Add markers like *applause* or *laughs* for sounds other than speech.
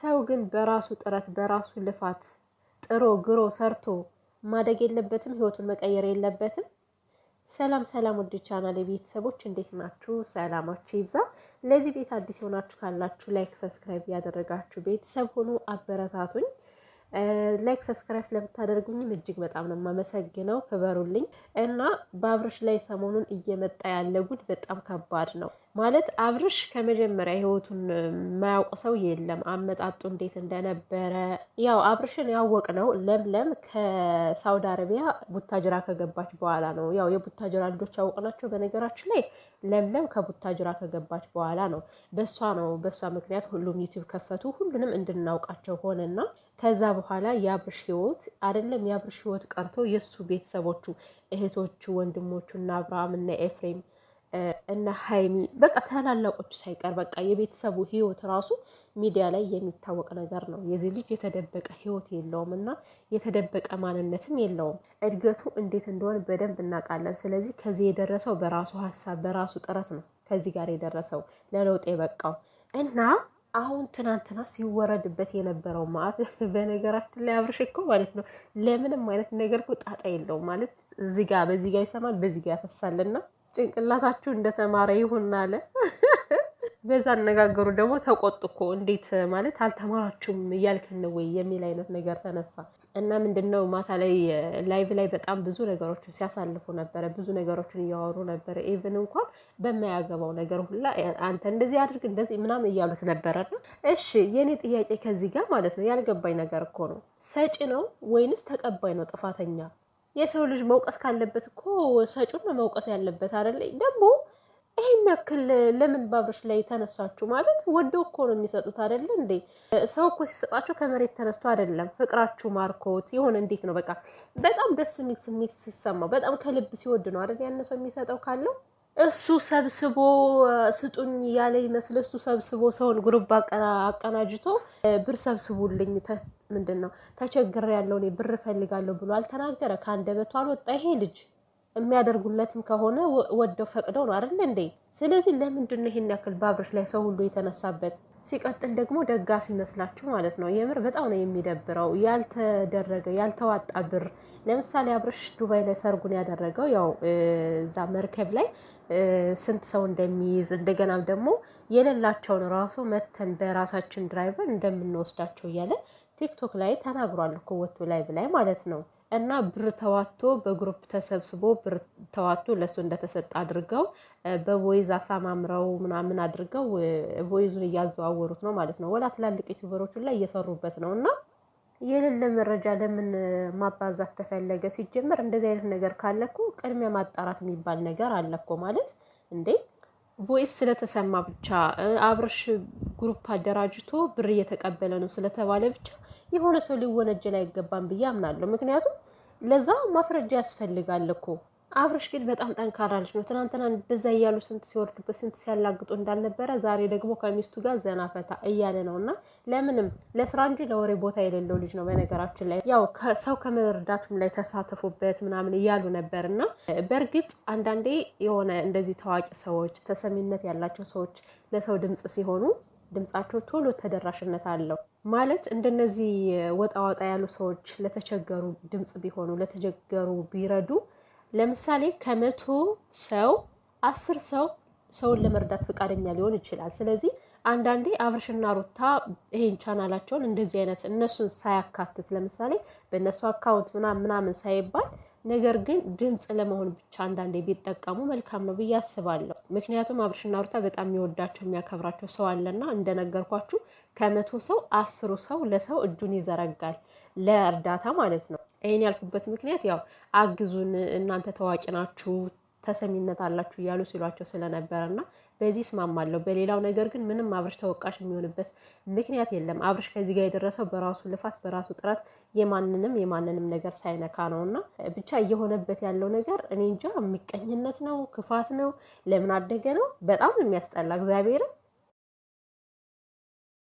ሰው ግን በራሱ ጥረት በራሱ ልፋት ጥሮ ግሮ ሰርቶ ማደግ የለበትም? ህይወቱን መቀየር የለበትም? ሰላም ሰላም፣ ውድ ቻናል የቤተሰቦች እንዴት ናችሁ? ሰላማችሁ ይብዛ። ለዚህ ቤት አዲስ የሆናችሁ ካላችሁ ላይክ፣ ሰብስክራይብ ያደረጋችሁ ቤተሰብ ሆኖ አበረታቱኝ። ላይክ ሰብስክራይብ ስለምታደርጉኝም እጅግ በጣም ነው የማመሰግነው። ክበሩልኝ እና በአብርሽ ላይ ሰሞኑን እየመጣ ያለ ጉድ በጣም ከባድ ነው። ማለት አብርሽ ከመጀመሪያ ህይወቱን የማያውቅ ሰው የለም። አመጣጡ እንዴት እንደነበረ ያው አብርሽን ያወቅ ነው ለምለም ከሳውዲ አረቢያ ቡታጅራ ከገባች በኋላ ነው። ያው የቡታጅራ ልጆች ያወቅ ናቸው። በነገራችን ላይ ለምለም ከቡታጅራ ከገባች በኋላ ነው። በሷ ነው በሷ ምክንያት ሁሉም ዩቲዩብ ከፈቱ፣ ሁሉንም እንድናውቃቸው ሆነና ከዛ በኋላ የአብርሽ ህይወት አይደለም የአብርሽ ህይወት ቀርቶ የእሱ ቤተሰቦቹ እህቶቹ፣ ወንድሞቹ እና አብርሃም እና ኤፍሬም እና ሀይሚ በቃ ታላላቆቹ ሳይቀር በቃ የቤተሰቡ ህይወት ራሱ ሚዲያ ላይ የሚታወቅ ነገር ነው። የዚህ ልጅ የተደበቀ ህይወት የለውም እና የተደበቀ ማንነትም የለውም። እድገቱ እንዴት እንደሆነ በደንብ እናውቃለን። ስለዚህ ከዚህ የደረሰው በራሱ ሀሳብ በራሱ ጥረት ነው። ከዚህ ጋር የደረሰው ለለውጥ የበቃው እና አሁን ትናንትና ሲወረድበት የነበረው ማለት *laughs* በነገራችን ላይ አብርሽ እኮ ማለት ነው ለምንም አይነት ነገር እኮ ጣጣ የለውም ማለት እዚህ ጋር በዚህ ጋር ይሰማል በዚህ ጋር ያፈሳልና ጭንቅላታችሁ እንደተማረ ይሁን አለ። *laughs* በዛ አነጋገሩ ደግሞ ተቆጡ እኮ እንዴት ማለት አልተማራችሁም እያልክን ወይ የሚል አይነት ነገር ተነሳ እና ምንድን ነው ማታ ላይ ላይቭ ላይ በጣም ብዙ ነገሮችን ሲያሳልፉ ነበረ። ብዙ ነገሮችን እያወሩ ነበረ። ኢቭን እንኳን በማያገባው ነገር ሁላ አንተ እንደዚህ አድርግ እንደዚህ ምናምን እያሉት ነበረ። እሺ የእኔ ጥያቄ ከዚህ ጋር ማለት ነው ያልገባኝ ነገር እኮ ነው ሰጪ ነው ወይንስ ተቀባይ ነው ጥፋተኛ? የሰው ልጅ መውቀስ ካለበት እኮ ሰጩን ነው መውቀስ ያለበት አይደለ? ደግሞ ይህን ያክል ለምን ባብሮች ላይ ተነሳችሁ? ማለት ወዶ እኮ ነው የሚሰጡት አይደለ እንዴ? ሰው እኮ ሲሰጣቸው ከመሬት ተነስቶ አይደለም። ፍቅራችሁ ማርኮት የሆነ እንዴት ነው በቃ በጣም ደስ የሚል ስሜት ሲሰማው በጣም ከልብ ሲወድ ነው አይደል? ያነሰው የሚሰጠው ካለው እሱ ሰብስቦ ስጡኝ ያለ ይመስል እሱ ሰብስቦ ሰውን ግሩፕ አቀናጅቶ ብር ሰብስቡልኝ ምንድን ነው ተቸግር ያለው እኔ ብር እፈልጋለሁ ብሎ አልተናገረ። ከአንደበቱ አልወጣ። ይሄ ልጅ የሚያደርጉለትም ከሆነ ወደው ፈቅደው ነው አይደል እንዴ? ስለዚህ ለምንድን ነው ይሄን ያክል በአብርሽ ላይ ሰው ሁሉ የተነሳበት? ሲቀጥል ደግሞ ደጋፊ መስላችሁ ማለት ነው። የምር በጣም ነው የሚደብረው። ያልተደረገ ያልተዋጣ ብር ለምሳሌ አብርሽ ዱባይ ላይ ሰርጉን ያደረገው ያው እዛ መርከብ ላይ ስንት ሰው እንደሚይዝ እንደገና ደግሞ የሌላቸውን ራሱ መተን በራሳችን ድራይቨር እንደምንወስዳቸው እያለ ቲክቶክ ላይ ተናግሯል እኮ ላይ ብላይ ማለት ነው። እና ብር ተዋቶ በግሩፕ ተሰብስቦ ብር ተዋቶ ለእሱ እንደተሰጠ አድርገው በቮይዝ አሳማምረው ምናምን አድርገው ቮይዙን እያዘዋወሩት ነው ማለት ነው። ወላ ትላልቅ ዩቱበሮቹን ላይ እየሰሩበት ነው እና የሌለ መረጃ ለምን ማባዛት ተፈለገ? ሲጀመር እንደዚህ አይነት ነገር ካለኩ ቅድሚያ ማጣራት የሚባል ነገር አለኮ ማለት እንዴ ቮይስ ስለተሰማ ብቻ አብርሽ ግሩፕ አደራጅቶ ብር እየተቀበለ ነው ስለተባለ ብቻ የሆነ ሰው ሊወነጀል አይገባም ብዬ አምናለሁ። ምክንያቱም ለዛ ማስረጃ ያስፈልጋል እኮ አብርሽ ግን በጣም ጠንካራ ልጅ ነው። ትናንትና እንደዛ እያሉ ስንት ሲወርዱበት ስንት ሲያላግጡ እንዳልነበረ ዛሬ ደግሞ ከሚስቱ ጋር ዘና ፈታ እያለ ነው እና ለምንም ለስራ እንጂ ለወሬ ቦታ የሌለው ልጅ ነው። በነገራችን ላይ ያው ሰው ከመርዳቱም ላይ ተሳተፉበት ምናምን እያሉ ነበር እና በእርግጥ አንዳንዴ የሆነ እንደዚህ ታዋቂ ሰዎች፣ ተሰሚነት ያላቸው ሰዎች ለሰው ድምፅ ሲሆኑ ድምጻቸው ቶሎ ተደራሽነት አለው ማለት እንደነዚህ ወጣ ወጣ ያሉ ሰዎች ለተቸገሩ ድምፅ ቢሆኑ ለተቸገሩ ቢረዱ ለምሳሌ ከመቶ ሰው አስር ሰው ሰውን ለመርዳት ፈቃደኛ ሊሆን ይችላል። ስለዚህ አንዳንዴ አብርሽና ሩታ ይሄን ቻናላቸውን እንደዚህ አይነት እነሱን ሳያካትት ለምሳሌ በእነሱ አካውንት ምናምን ምናምን ሳይባል ነገር ግን ድምፅ ለመሆን ብቻ አንዳንዴ ቢጠቀሙ መልካም ነው ብዬ አስባለሁ። ምክንያቱም አብርሽና ሩታ በጣም የሚወዳቸው የሚያከብራቸው ሰው አለና እንደነገርኳችሁ ከመቶ ሰው አስሩ ሰው ለሰው እጁን ይዘረጋል። ለእርዳታ ማለት ነው። ይህን ያልኩበት ምክንያት ያው አግዙን፣ እናንተ ታዋቂ ናችሁ፣ ተሰሚነት አላችሁ እያሉ ሲሏቸው ስለነበረ እና በዚህ እስማማለሁ። በሌላው ነገር ግን ምንም አብርሽ ተወቃሽ የሚሆንበት ምክንያት የለም። አብርሽ ከዚህ ጋር የደረሰው በራሱ ልፋት፣ በራሱ ጥረት የማንንም የማንንም ነገር ሳይነካ ነው እና ብቻ እየሆነበት ያለው ነገር እኔ እንጃ፣ ምቀኝነት ነው፣ ክፋት ነው፣ ለምን አደገ ነው። በጣም የሚያስጠላ እግዚአብሔርም